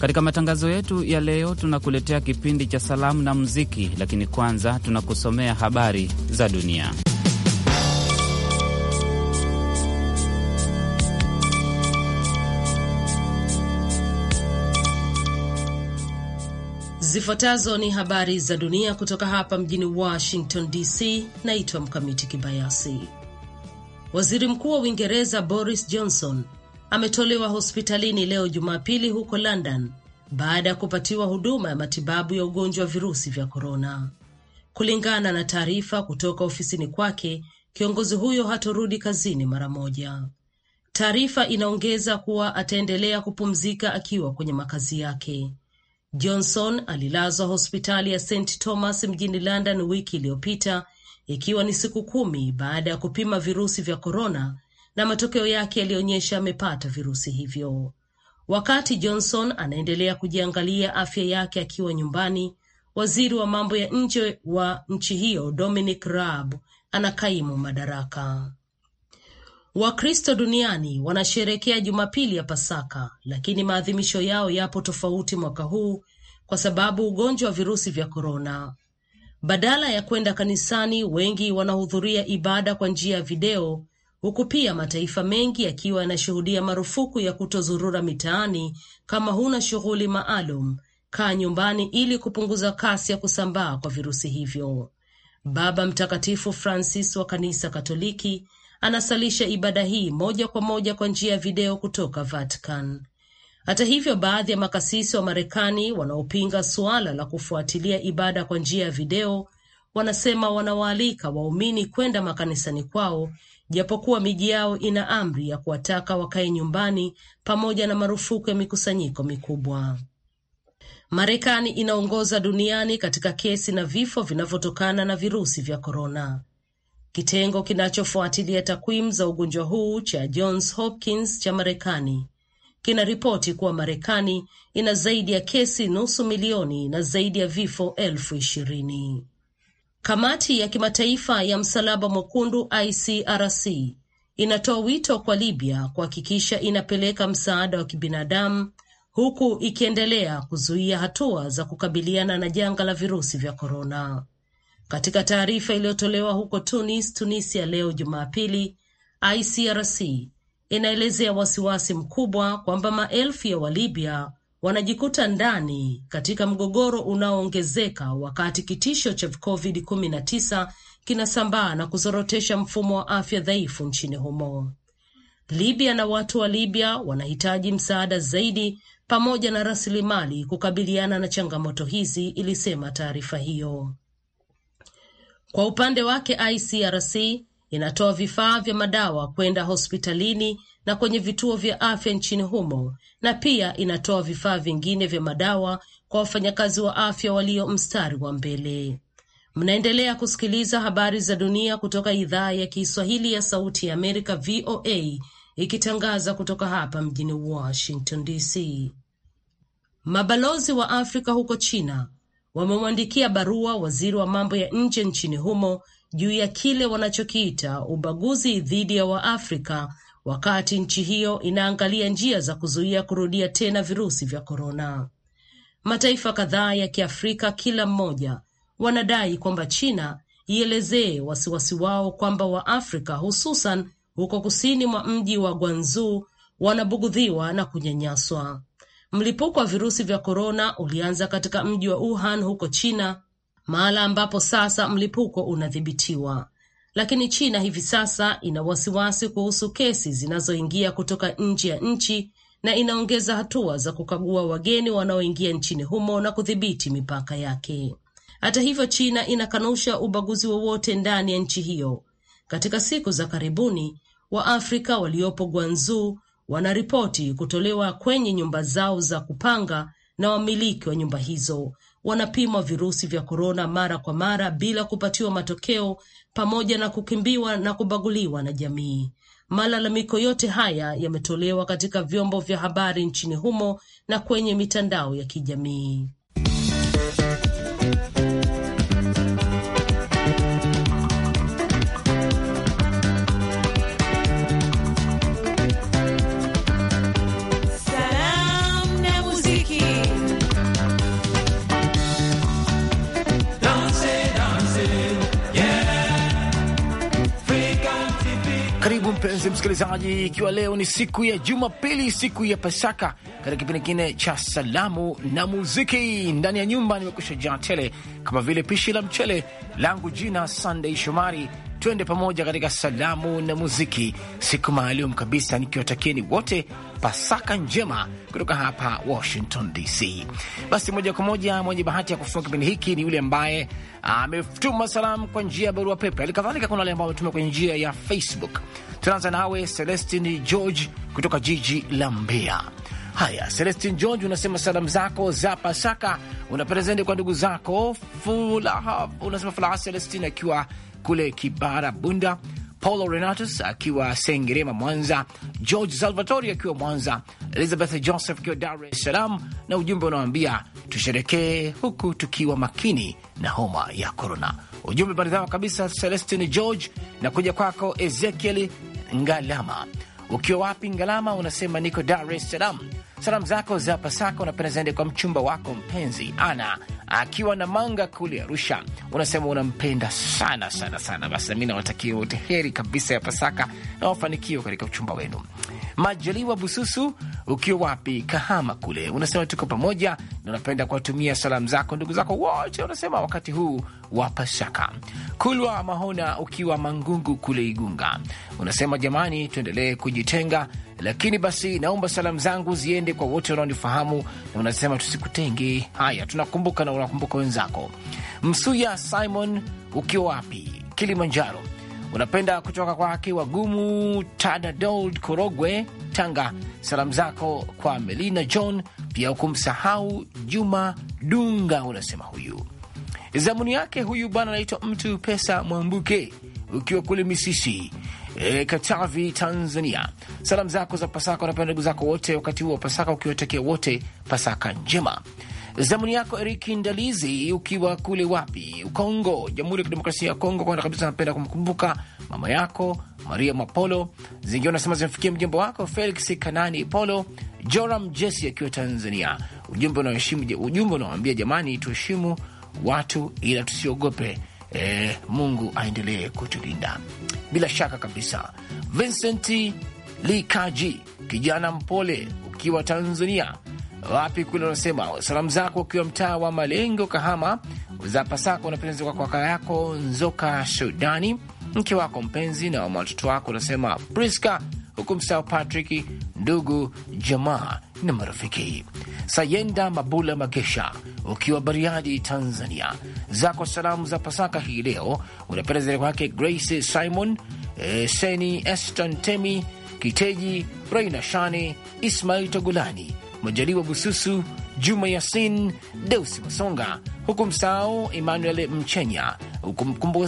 Katika matangazo yetu ya leo, tunakuletea kipindi cha salamu na muziki, lakini kwanza tunakusomea habari za dunia. Zifuatazo ni habari za dunia kutoka hapa mjini Washington DC. Naitwa Mkamiti Kibayasi. Waziri Mkuu wa Uingereza Boris Johnson ametolewa hospitalini leo Jumapili huko London baada ya kupatiwa huduma ya matibabu ya ugonjwa wa virusi vya korona. Kulingana na taarifa kutoka ofisini kwake, kiongozi huyo hatorudi kazini mara moja. Taarifa inaongeza kuwa ataendelea kupumzika akiwa kwenye makazi yake. Johnson alilazwa hospitali ya St Thomas mjini London wiki iliyopita, ikiwa ni siku kumi baada ya kupima virusi vya korona na matokeo yake yalionyesha amepata virusi hivyo. Wakati Johnson anaendelea kujiangalia afya yake akiwa nyumbani, waziri wa mambo ya nje wa nchi hiyo Dominic Raab anakaimu madaraka. Wakristo duniani wanasherekea Jumapili ya Pasaka, lakini maadhimisho yao yapo tofauti mwaka huu kwa sababu ugonjwa wa virusi vya korona. Badala ya kwenda kanisani, wengi wanahudhuria ibada kwa njia ya video huku pia mataifa mengi yakiwa yanashuhudia marufuku ya kutozurura mitaani kama huna shughuli maalum. Kaa nyumbani ili kupunguza kasi ya kusambaa kwa virusi hivyo. Baba Mtakatifu Francis wa Kanisa Katoliki anasalisha ibada hii moja kwa moja kwa njia ya video kutoka Vatican. Hata hivyo, baadhi ya makasisi wa Marekani wanaopinga suala la kufuatilia ibada kwa njia ya video wanasema wanawaalika waumini kwenda makanisani kwao japokuwa miji yao ina amri ya kuwataka wakae nyumbani pamoja na marufuku ya mikusanyiko mikubwa. Marekani inaongoza duniani katika kesi na vifo vinavyotokana na virusi vya korona. Kitengo kinachofuatilia takwimu za ugonjwa huu cha Johns Hopkins cha Marekani kinaripoti kuwa Marekani ina zaidi ya kesi nusu milioni na zaidi ya vifo elfu ishirini. Kamati ya Kimataifa ya Msalaba Mwekundu ICRC inatoa wito kwa Libya kuhakikisha inapeleka msaada wa kibinadamu huku ikiendelea kuzuia hatua za kukabiliana na janga la virusi vya korona. Katika taarifa iliyotolewa huko Tunis, Tunisia leo Jumapili, ICRC inaelezea wasiwasi mkubwa kwamba maelfu ya Walibya wanajikuta ndani katika mgogoro unaoongezeka wakati kitisho cha covid-19 kinasambaa na kuzorotesha mfumo wa afya dhaifu nchini humo. Libya na watu wa Libya wanahitaji msaada zaidi pamoja na rasilimali kukabiliana na changamoto hizi, ilisema taarifa hiyo. Kwa upande wake, ICRC inatoa vifaa vya madawa kwenda hospitalini na kwenye vituo vya afya nchini humo na pia inatoa vifaa vingine vya madawa kwa wafanyakazi wa afya walio mstari wa mbele. Mnaendelea kusikiliza habari za dunia kutoka idhaa ya Kiswahili ya Sauti ya Amerika, VOA, ikitangaza kutoka hapa mjini Washington DC. Mabalozi wa Afrika huko China wamemwandikia barua waziri wa mambo ya nje nchini humo juu ya kile wanachokiita ubaguzi dhidi ya Waafrika wakati nchi hiyo inaangalia njia za kuzuia kurudia tena virusi vya korona. Mataifa kadhaa ya Kiafrika kila mmoja wanadai kwamba China ielezee wasiwasi wao kwamba Waafrika hususan huko kusini mwa mji wa Guangzhou wanabugudhiwa na kunyanyaswa. Mlipuko wa virusi vya korona ulianza katika mji wa Wuhan huko China, mahala ambapo sasa mlipuko unadhibitiwa lakini China hivi sasa ina wasiwasi kuhusu kesi zinazoingia kutoka nje ya nchi na inaongeza hatua za kukagua wageni wanaoingia nchini humo na kudhibiti mipaka yake. Hata hivyo, China inakanusha ubaguzi wowote ndani ya nchi hiyo. Katika siku za karibuni, Waafrika waliopo Guangzhou wanaripoti kutolewa kwenye nyumba zao za kupanga na wamiliki wa nyumba hizo wanapimwa virusi vya korona mara kwa mara bila kupatiwa matokeo, pamoja na kukimbiwa na kubaguliwa na jamii. Malalamiko yote haya yametolewa katika vyombo vya habari nchini humo na kwenye mitandao ya kijamii. mpenzi msikilizaji, ikiwa leo ni siku ya Jumapili, siku ya Pasaka, katika kipindi kingine cha salamu na muziki ndani ya nyumba nimekusha jaa tele kama vile pishi la mchele langu. Jina Sunday Shomari twende pamoja katika salamu na muziki, siku maalum kabisa, nikiwatakieni wote Pasaka njema kutoka hapa Washington DC. Basi moja kwa moja, mwenye bahati ya kufunga kipindi hiki ni yule ambaye ametuma salamu kwa njia ya barua pepe, hali kadhalika kuna wale ambao wametuma kwenye njia ya Facebook. Tunaanza nawe Celestin George kutoka jiji la Mbeya. Haya, Celestin George, unasema salamu zako za Pasaka unaprezende kwa ndugu zako fulaha, unasema Fulaha Celestin akiwa kule Kibara Bunda, Paulo Renatus akiwa Sengerema Mwanza, George Salvatori akiwa Mwanza, Elizabeth Joseph akiwa Dar es Salaam, na ujumbe unawaambia tusherekee huku tukiwa makini na homa ya korona. Ujumbe maridhawa kabisa, Celestin George na kuja kwako Ezekiel Ngalama ukiwa wapi Ngalama? Unasema niko Dar es Salaam. Salamu zako za Pasaka unapenda zaende kwa mchumba wako mpenzi Ana akiwa na Manga kule Arusha. Unasema unampenda sana sana sana. Basi nami nawatakia wote heri kabisa ya Pasaka na mafanikio katika uchumba wenu. Majaliwa Bususu ukiwa wapi, Kahama kule, unasema tuko pamoja na unapenda kuwatumia salamu zako ndugu zako wote, unasema wakati huu wa Pasaka. Kulwa Mahona ukiwa Mangungu kule Igunga, unasema jamani, tuendelee kujitenga, lakini basi naomba salamu zangu ziende kwa wote wanaonifahamu, na unasema tusikutenge. Haya, tunakumbuka na unakumbuka wenzako. Msuya Simon ukiwa wapi, Kilimanjaro, unapenda kutoka kwake wagumu Tadadold Korogwe Tanga. Salamu zako kwa Melina John, pia hukumsahau Juma Dunga, unasema huyu zamuni yake huyu bwana anaitwa mtu pesa Mwambuke, ukiwa kule Misisi e, Katavi, Tanzania. Salamu zako za Pasaka unapenda ndugu zako wote, wakati huo wa Pasaka ukiwatakia wote Pasaka njema. Zamuni yako Eric Ndalizi, ukiwa kule wapi, Kongo, Jamhuri ya Kidemokrasia ya Kongo. Kwanza kabisa napenda kumkumbuka mama yako Maria Mapolo. Zingine unasema zimefikia mjomba wako Felix Kanani Polo, Joram Jesi akiwa Tanzania. Ujumbe unaoheshimu, ujumbe unaoambia jamani, tuheshimu watu ila tusiogope. E, Mungu aendelee kutulinda bila shaka kabisa. Vincent Likaji, kijana mpole, ukiwa Tanzania wapi kule unasema salamu zako ukiwa mtaa wa Malengo, Kahama, za pasako unapenzi kwa kaka yako Nzoka Shudani, mke wako mpenzi na watoto wako, unasema Priska huku msao Patrick, ndugu jamaa na marafiki. Sayenda Mabula Magesha ukiwa Bariadi, Tanzania, zako salamu za Pasaka hii leo unapenda kwake Grace Simon, e, Seni Eston Temi Kiteji, Reina Shani, Ismail Togulani Majaliwa Bususu, Juma Yasin, Deusi Masonga, huku msahau Emmanuel Mchenya,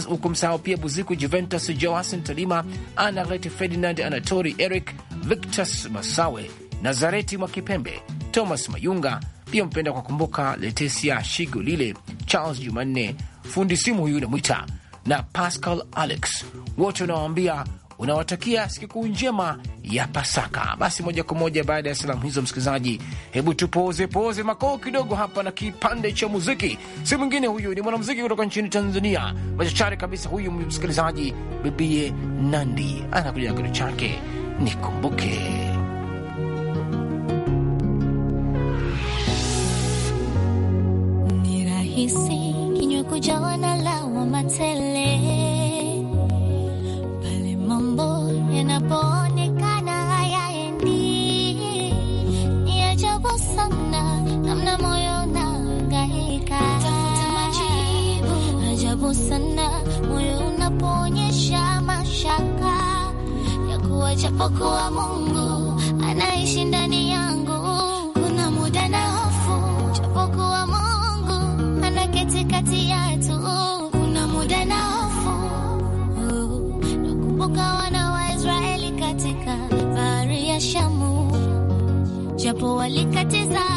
huku msahau pia Buziku Juventus, Joasin Talima, Anaret Ferdinand, Anatori Eric, Victus Masawe, Nazareti Mwakipembe, Thomas Mayunga, pia mpenda kwa kumbuka Letesia Shigulile, Charles Jumanne, fundi simu huyu namwita, na Pascal Alex, wote unawaambia unawatakia sikukuu njema ya Pasaka. Basi moja kwa moja baada ya salamu hizo, msikilizaji, hebu tupoze poze makoo kidogo hapa na kipande cha muziki. Si mwingine huyu, ni mwanamuziki kutoka nchini Tanzania, machachari kabisa huyu msikilizaji, Bibie Nandi anakuja na kitu chake nikumbuke ni rahisi kinywa kujawa na lawa matele unapoonyesha mashaka ya kuwa japokuwa Mungu anaishi ndani yangu, kuna muda na hofu, japokuwa Mungu anaketi kati yetu, kuna muda na hofu. Nakumbuka wana wa Israeli katika bahari ya Shamu, japo walikatiza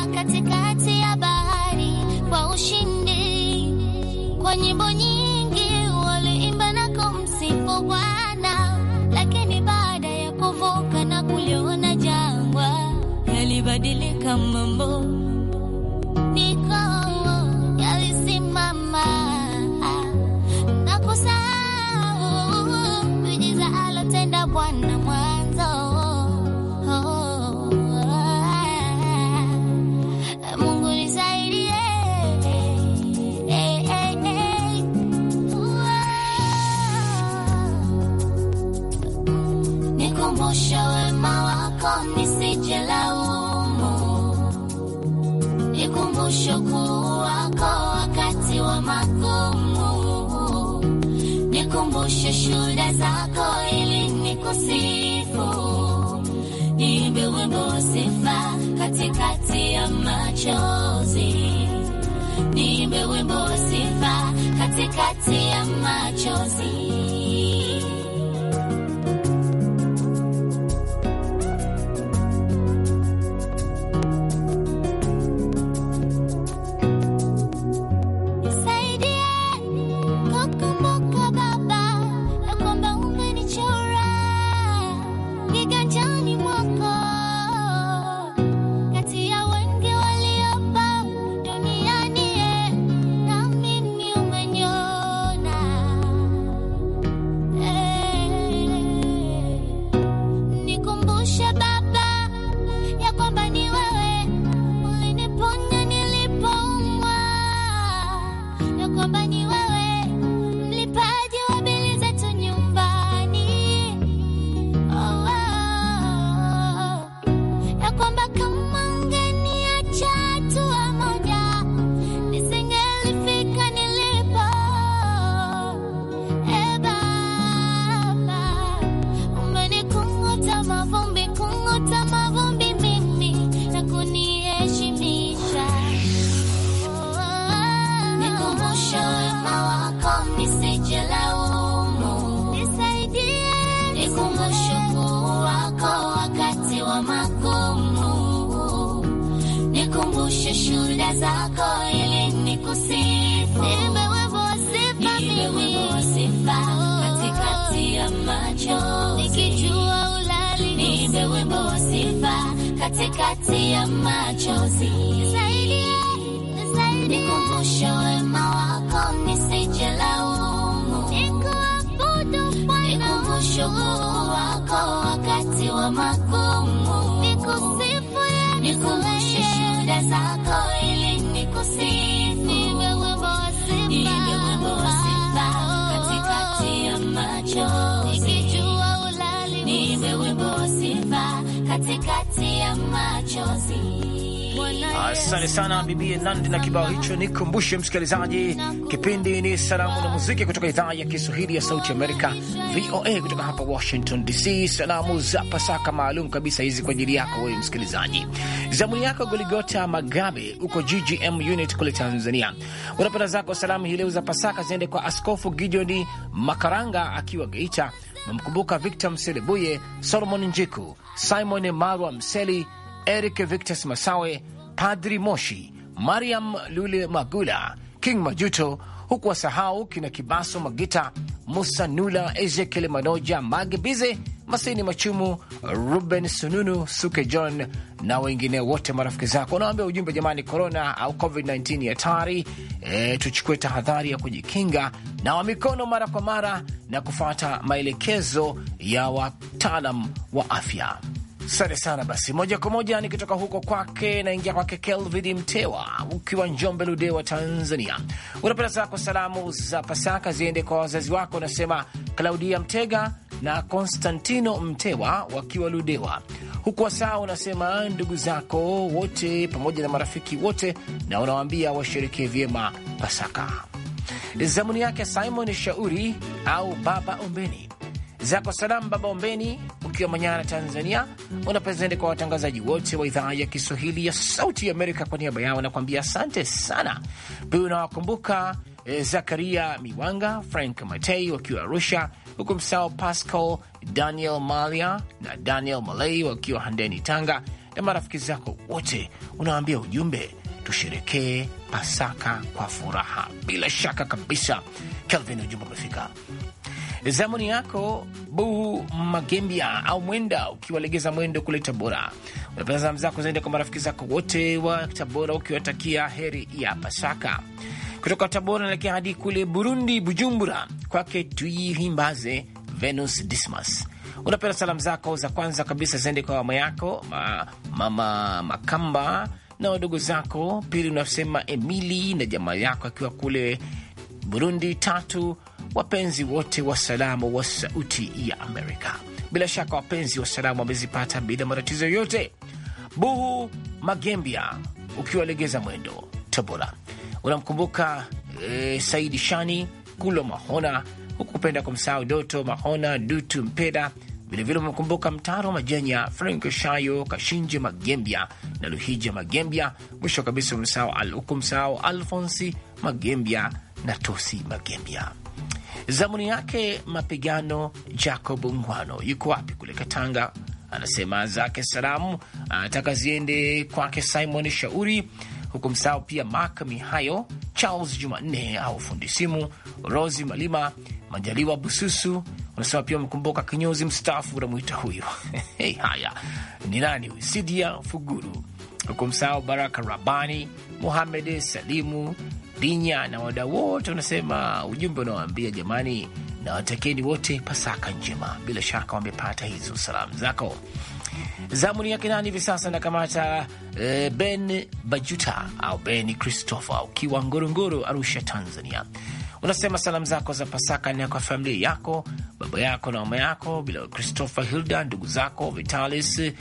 shuhuda zako ili nikusifu, Nimewe nimewepo mimi katikati ya macho, nikijua ulali, Nimewe sifa katikati ya machozi Asante sana Bibi Nandi na kibao hicho. Nikumbushe msikilizaji, kipindi ni Salamu na Muziki kutoka idhaa ya Kiswahili ya Sauti Amerika, VOA, kutoka hapa Washington DC. Salamu za Pasaka maalum kabisa hizi kwa ajili yako wewe msikilizaji. Zamuni yako Goligota Magabe huko GGM unit kule Tanzania, unapenda zako salamu hii leo za Pasaka ziende kwa Askofu Gideoni Makaranga akiwa Geita. Namkumbuka Victor Mselebuye, Solomon Njiku, Simon Marwa Mseli, Eric Victus Masawe Padri Moshi, Mariam Lule Magula, King Majuto, huku wasahau kina Kibaso Magita, Musa Nula, Ezekiel Manoja, bize Masini, Machumu, Ruben Sununu, Suke John na wengine wote marafiki zako. Nawaambia ujumbe jamani, corona au covid-19 hatari e, tuchukue tahadhari ya kujikinga, nawa mikono mara kwa mara na kufuata maelekezo ya wataalam wa afya. Asante sana. Basi moja kwa moja nikitoka huko kwake naingia kwake Kelvin Mtewa, ukiwa Njombe Ludewa, Tanzania. Unapenda zako salamu za Pasaka ziende kwa wazazi wako, unasema Klaudia Mtega na Konstantino Mtewa wakiwa Ludewa huku wasaa, unasema ndugu zako wote pamoja na marafiki wote, na unawaambia washerekee vyema Pasaka. Zamuni yake Simon Shauri au Baba Ombeni zako salamu baba Ombeni ukiwa Manyara, Tanzania, unapezende kwa watangazaji wote wa idhaa ya Kiswahili ya Sauti ya Amerika. Kwa niaba yao nakuambia asante sana. Pia unawakumbuka eh, Zakaria Miwanga, Frank Matei wakiwa Arusha, huku msao Pascal Daniel Malia na Daniel Malei wakiwa Handeni, Tanga, na marafiki zako wote unawaambia ujumbe, tusherekee Pasaka kwa furaha. Bila shaka kabisa, Kelvin, ujumbe umefika. Zamuni yako Buhu Magembia au Mwenda, ukiwalegeza Mwendo kule Tabora, unapenda salamu zako zaidi kwa marafiki zako wote wa Tabora, ukiwatakia heri ya Pasaka. Kutoka Tabora naelekea hadi kule Burundi, Bujumbura, kwake Tuihimbaze Venus Dismas unapenda salamu zako za kwanza kabisa zaende kwa mama yako ma, mama Makamba na wadogo zako. Pili unasema Emili na jamaa yako akiwa kule Burundi. Tatu wapenzi wote wa salamu wa Sauti ya Amerika. Bila shaka wapenzi wa salamu wamezipata bila matatizo yoyote. Buhu Magembia ukiwa legeza mwendo Tabora, unamkumbuka e, Saidi Shani Kulo Mahona, hukupenda kumsahau Doto Mahona Dutu Mpeda, vilevile umemkumbuka Mtaro Majenya, Frank Shayo Kashinje Magembia na Luhija Magembia. Mwisho kabisa umsahau al Alfonsi Magembia na Tosi Magembia. Zamuni yake mapigano Jacob Ngwano yuko wapi? Kule Katanga. Anasema zake salamu anataka ziende kwake Simon Shauri, huku msao pia Mak Mihayo, Charles Jumanne au fundi simu, Rosi Malima, Majaliwa Bususu. Unasema pia umekumbuka kinyozi mstaafu, unamwita huyo hey, haya ni nani huyu? Sidia Fuguru, huku msao Baraka Rabani, Muhamed Salimu Binya na wadau wote wanasema ujumbe unaoambia jamani, na watakeni wote Pasaka njema. Bila shaka wamepata hizo salamu zako. Zamu ni yake nani hivi sasa? Nakamata e, eh, Ben Bajuta au Ben Christopher ukiwa Ngorongoro, Arusha, Tanzania. Unasema salamu zako za Pasaka ni kwa familia yako, baba yako na mama yako, bila Christopher, Hilda, ndugu zako Vitalis, e,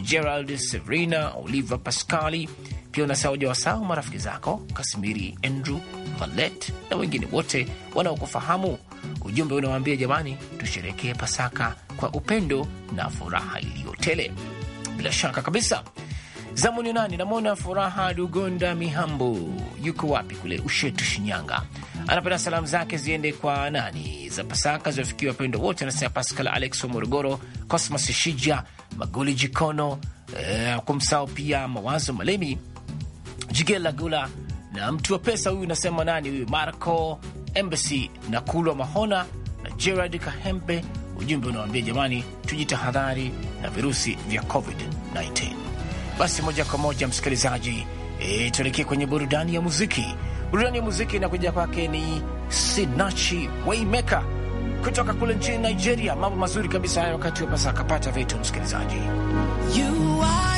Gerald, Severina, Oliver, Pascali pia unasahau jawasahau marafiki zako Kasimiri, Andrew, Valet na wengine wote wanaokufahamu. Ujumbe unawaambia jamani, tusherekee Pasaka kwa upendo na furaha iliyotele. Bila shaka kabisa zamu ni nani? Namwona Furaha Dugonda Mihambo, yuko wapi? Kule Ushetu, Shinyanga. Anapenda salamu zake ziende kwa nani za Pasaka ziwafikia wapendo wote, anasema Pascal Alex wa Morogoro, Cosmas Shija Magoli Jikono, eh, kumsao pia Mawazo Malemi Jigela Gula na mtu wa pesa huyu, nasema nani huyu? Marco Embassy na Kulwa Mahona na Gerard Kahembe. Ujumbe unawambia jamani, tujitahadhari na virusi vya COVID-19. Basi moja kwa moja msikilizaji, e, tuelekee kwenye burudani ya muziki. Burudani ya muziki inakuja kwake ni Sinachi Waymaker kutoka kule nchini Nigeria. Mambo mazuri kabisa haya wakati wa pasa akapata vitu msikilizaji you are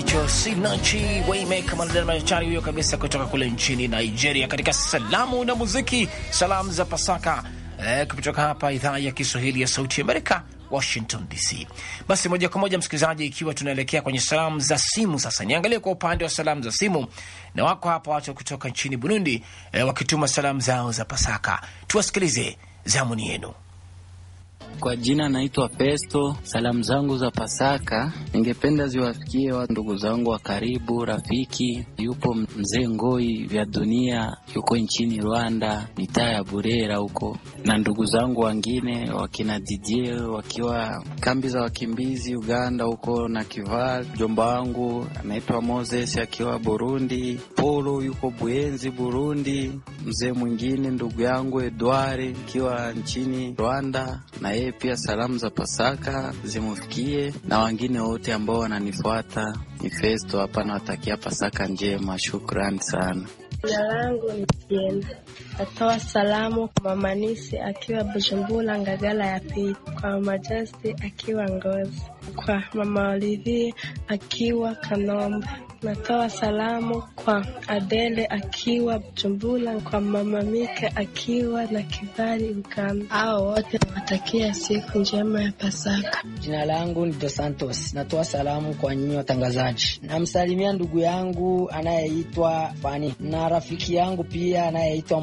hicho Sinachi Waymaker, mwanadada machari huyo kabisa kutoka kule nchini Nigeria. Katika salamu na muziki, salamu za Pasaka eh, kutoka hapa idhaa ya Kiswahili ya Sauti ya Amerika, Washington DC. Basi moja kwa moja, msikilizaji, ikiwa tunaelekea kwenye salamu za simu sasa, niangalie kwa upande wa salamu za simu, na wako hapa watu kutoka nchini Burundi eh, wakituma salamu zao za Pasaka. Tuwasikilize, zamuni yenu. Kwa jina naitwa Pesto. Salamu zangu za Pasaka ningependa ziwafikie wa ndugu zangu wa karibu, rafiki. Yupo mzee Ngoi vya dunia, yuko nchini Rwanda, mitaa ya Burera huko, na ndugu zangu wengine wakina DJ wakiwa kambi za wakimbizi Uganda huko, na Kivaa. Mjomba wangu anaitwa Moses akiwa Burundi, Polo yuko Buenzi Burundi. Mzee mwingine ndugu yangu Edward akiwa nchini Rwanda na yeye eh, pia salamu za Pasaka zimfikie na wengine wote ambao wananifuata. Ni Festo hapa, nawatakia Pasaka njema. Shukrani sana. Jina langu ni Jena. Natoa salamu kwa Mamanisi akiwa Bujumbula Ngagala ya pili, kwa Majesti akiwa Ngozi, kwa Mama Olivie akiwa Kanombe Natoa salamu kwa Adele akiwa Bujumbura, kwa mama Mika akiwa na Kibali Ukame. Hao wote nawatakia siku njema ya Pasaka. Jina langu ni Dos Santos. Natoa salamu kwa nyinyi watangazaji. Namsalimia ndugu yangu anayeitwa Fani na rafiki yangu pia anayeitwa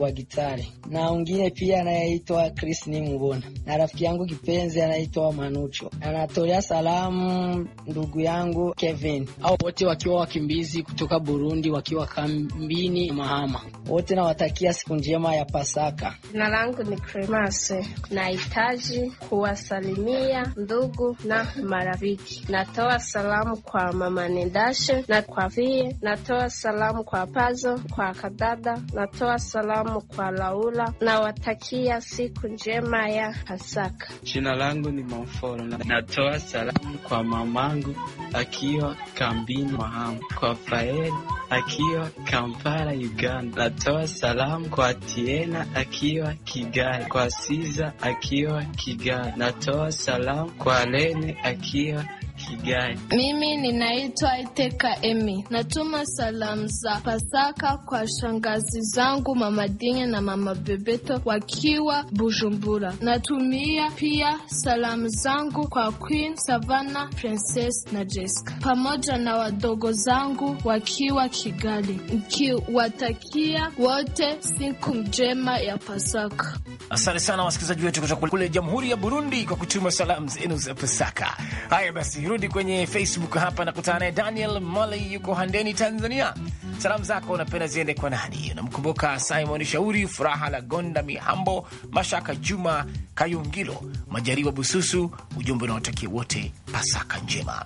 wa Gitari na wengine pia anayeitwa Chris ni Mubona na rafiki yangu kipenzi anaitwa Manucho. Anatolea salamu ndugu yangu Kevin. Hao wote wa wakiwa wakimbizi kutoka Burundi wakiwa kambini Mahama. Wote nawatakia siku njema ya Pasaka. Jina langu ni Kremase. Nahitaji kuwasalimia ndugu na marafiki. Natoa salamu kwa mama Nendashe na kwa vie. Natoa salamu kwa Pazo, kwa Kadada. Natoa salamu kwa Laula. Nawatakia siku njema ya Pasaka. Jina langu ni Manforo. Natoa salamu kwa mamangu akiwa kambini Mwahamu kwa Fael akiwa Kampala, Uganda. Natoa salamu kwa Tiena akiwa Kigali, kwa Siza akiwa Kigali. Natoa salamu kwa Lene akiwa kiasi gani? Mimi ninaitwa Iteka Emi, natuma salamu za Pasaka kwa shangazi zangu Mama Dinya na Mama Bebeto wakiwa Bujumbura. Natumia pia salamu zangu kwa Queen Savana, Princess na Jessica pamoja na wadogo zangu wakiwa Kigali, nikiwatakia wote siku njema ya Pasaka. Asante sana wasikilizaji wetu kutoka kule Jamhuri ya Burundi kwa kutuma salamu zenu za Pasaka. Haya basi kurudi kwenye Facebook hapa na kutana naye Daniel Mali, yuko Handeni, Tanzania. Salamu zako unapenda ziende kwa nani? Unamkumbuka Simon Shauri, Furaha la Gonda, Mihambo Mashaka, Juma Kayungilo, Majariwa Bususu. Ujumbe unaotakia wote Pasaka njema.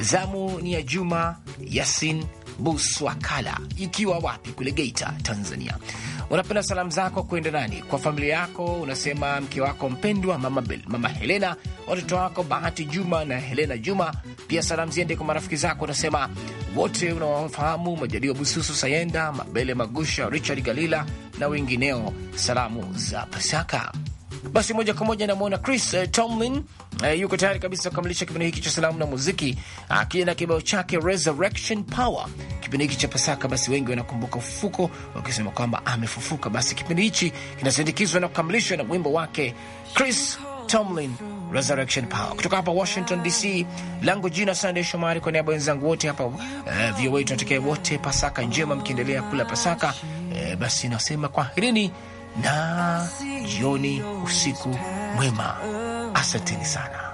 Zamu ni ya Juma Yasin Buswakala, ikiwa wapi kule Geita, Tanzania. Unapenda salamu zako kwenda nani? Kwa familia yako, unasema mke wako mpendwa, mama, mama Helena, watoto wako Bahati Juma na Helena Juma. Pia salamu ziende kwa marafiki zako, unasema wote unawafahamu, Majaliwa Bususu, Sayenda Mabele, Magusha, Richard Galila na wengineo. Salamu za Pasaka. Basi moja kwa moja namwona Chris uh, Tomlin uh, yuko tayari kabisa kukamilisha kipindi hiki cha salamu na muziki akija uh, na kibao chake Resurrection Power. Kipindi hiki cha Pasaka, basi wengi wanakumbuka ufufuko wakisema kwamba amefufuka. Basi kipindi hichi kinasindikizwa na kukamilishwa na wimbo wake Chris Tomlin, Resurrection Power. Kutoka hapa Washington DC, langu jina Sandey Shomari, kwa niaba wenzangu wote hapa uh, eh, VOA tunatakia wote Pasaka njema, mkiendelea kula Pasaka uh, basi nasema kwaherini na jioni, usiku mwema, asanteni sana.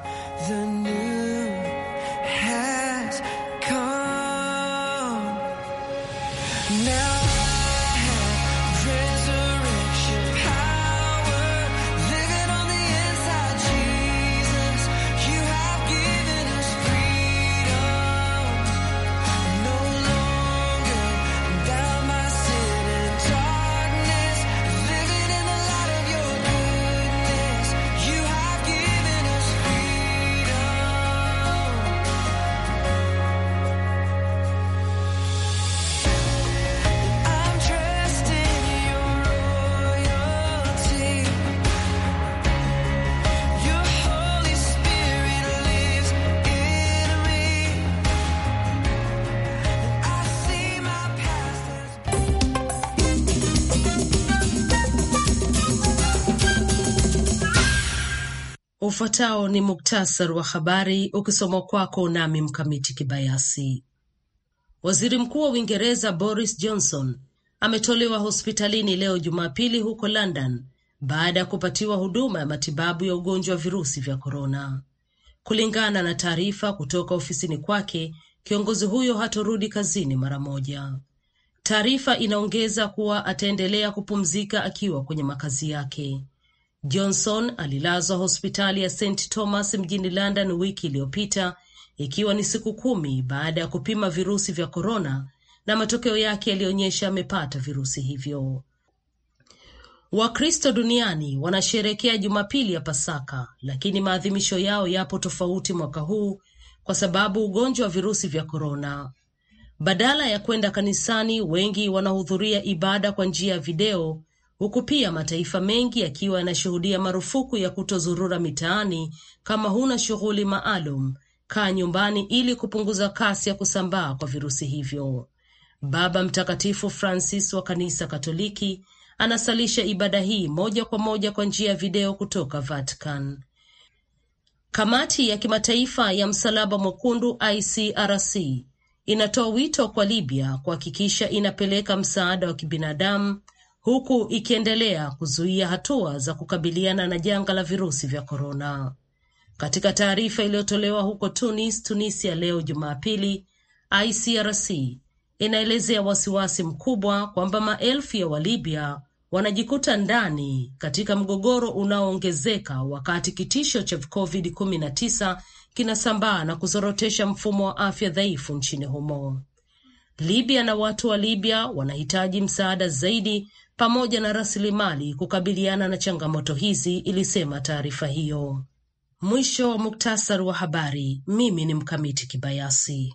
Ufuatao ni muktasar wa habari ukisomwa kwako nami Mkamiti Kibayasi. Waziri Mkuu wa Uingereza Boris Johnson ametolewa hospitalini leo Jumapili huko London baada ya kupatiwa huduma ya matibabu ya ugonjwa wa virusi vya korona. Kulingana na taarifa kutoka ofisini kwake, kiongozi huyo hatorudi kazini mara moja. Taarifa inaongeza kuwa ataendelea kupumzika akiwa kwenye makazi yake. Johnson alilazwa hospitali ya St Thomas mjini London wiki iliyopita ikiwa ni siku kumi baada ya kupima virusi vya korona na matokeo yake yalionyesha amepata virusi hivyo. Wakristo duniani wanasherekea Jumapili ya Pasaka, lakini maadhimisho yao yapo tofauti mwaka huu kwa sababu ugonjwa wa virusi vya korona. Badala ya kwenda kanisani, wengi wanahudhuria ibada kwa njia ya video huku pia mataifa mengi yakiwa yanashuhudia marufuku ya kutozurura mitaani kama huna shughuli maalum. Kaa nyumbani ili kupunguza kasi ya kusambaa kwa virusi hivyo. Baba Mtakatifu Francis wa Kanisa Katoliki anasalisha ibada hii moja kwa moja kwa njia ya video kutoka Vatican. Kamati ya Kimataifa ya Msalaba Mwekundu ICRC inatoa wito kwa Libya kuhakikisha inapeleka msaada wa kibinadamu huku ikiendelea kuzuia hatua za kukabiliana na janga la virusi vya korona. Katika taarifa iliyotolewa huko Tunis, Tunisia leo Jumapili, ICRC inaelezea wasiwasi mkubwa kwamba maelfu ya Walibya wanajikuta ndani katika mgogoro unaoongezeka wakati kitisho cha COVID-19 kinasambaa na kuzorotesha mfumo wa afya dhaifu nchini humo. Libya na watu wa Libya wanahitaji msaada zaidi pamoja na rasilimali kukabiliana na changamoto hizi, ilisema taarifa hiyo. Mwisho wa muktasari wa habari. Mimi ni Mkamiti Kibayasi.